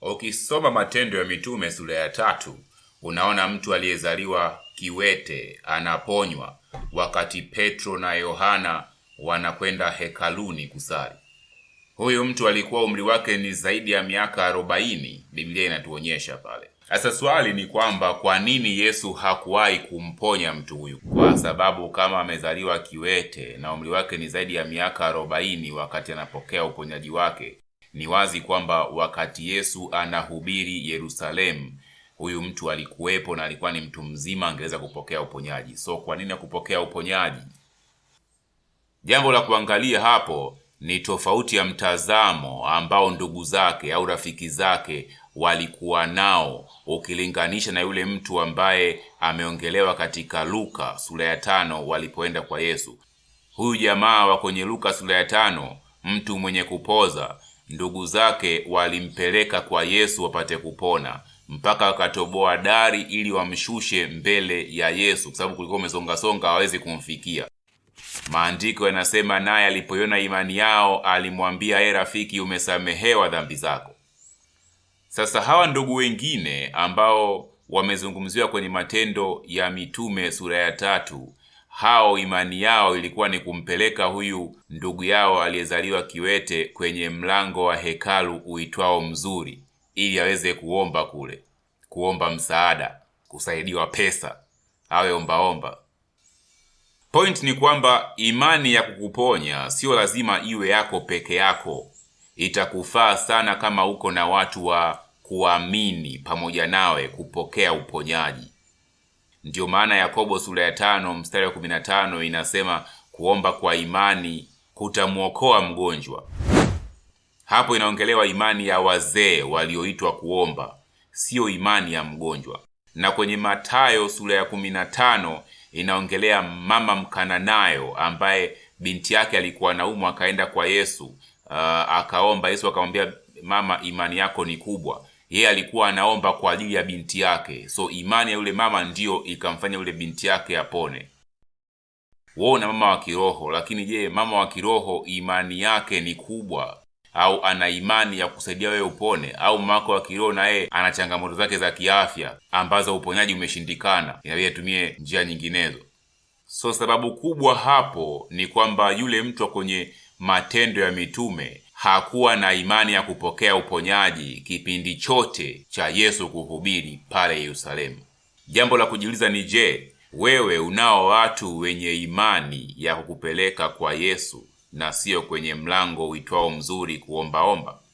Ukisoma Matendo ya Mitume sura ya tatu unaona mtu aliyezaliwa kiwete anaponywa, wakati Petro na Yohana wanakwenda hekaluni kusali. Huyu mtu alikuwa umri wake ni zaidi ya miaka arobaini, Biblia inatuonyesha pale. Sasa swali ni kwamba kwa nini Yesu hakuwahi kumponya mtu huyu? Kwa sababu kama amezaliwa kiwete na umri wake ni zaidi ya miaka arobaini wakati anapokea uponyaji wake, ni wazi kwamba wakati Yesu anahubiri Yerusalemu, huyu mtu alikuwepo na alikuwa ni mtu mzima, angeweza kupokea uponyaji. So kwa nini hakupokea uponyaji? Jambo la kuangalia hapo ni tofauti ya mtazamo ambao ndugu zake au rafiki zake walikuwa nao ukilinganisha na yule mtu ambaye ameongelewa katika Luka sula ya tano walipoenda kwa Yesu. Huyu jamaa wa kwenye Luka sula ya tano, mtu mwenye kupoza, ndugu zake walimpeleka kwa Yesu wapate kupona mpaka wakatoboa dari ili wamshushe mbele ya Yesu, kwa sababu kulikuwa umesongasonga, hawawezi kumfikia. Maandiko yanasema naye alipoiona imani yao alimwambia, ye ee rafiki, umesamehewa dhambi zako. Sasa hawa ndugu wengine ambao wamezungumziwa kwenye Matendo ya Mitume sura ya tatu hao imani yao ilikuwa ni kumpeleka huyu ndugu yao aliyezaliwa kiwete kwenye mlango wa hekalu uitwao Mzuri, ili aweze kuomba kule, kuomba msaada, kusaidiwa pesa, awe ombaomba Point ni kwamba imani ya kukuponya sio lazima iwe yako peke yako. Itakufaa sana kama uko na watu wa kuamini pamoja nawe kupokea uponyaji. Ndiyo maana Yakobo sura ya tano mstari wa tano inasema kuomba kwa imani kutamwokoa mgonjwa. Hapo inaongelewa imani ya wazee walioitwa kuomba, siyo imani ya mgonjwa. Na kwenye matayo sura ya kumi na tano inaongelea mama Mkananayo ambaye binti yake alikuwa naumu akaenda kwa Yesu uh, akaomba. Yesu akamwambia mama, imani yako ni kubwa yeye alikuwa anaomba kwa ajili ya binti yake, so imani ya yule mama ndiyo ikamfanya yule binti yake apone. Wewe na mama wa kiroho, lakini je, mama wa kiroho imani yake ni kubwa au ana imani ya kusaidia wewe upone? Au mama wako wa kiroho na yeye ana changamoto zake za kiafya ambazo uponyaji umeshindikana, inabidi atumie njia nyinginezo. So sababu kubwa hapo ni kwamba yule mtu wa kwenye Matendo ya Mitume hakuwa na imani ya kupokea uponyaji kipindi chote cha Yesu kuhubiri pale Yerusalemu. Jambo la kujiuliza ni je, wewe unao watu wenye imani ya kukupeleka kwa Yesu na siyo kwenye mlango uitwao mzuri kuombaomba?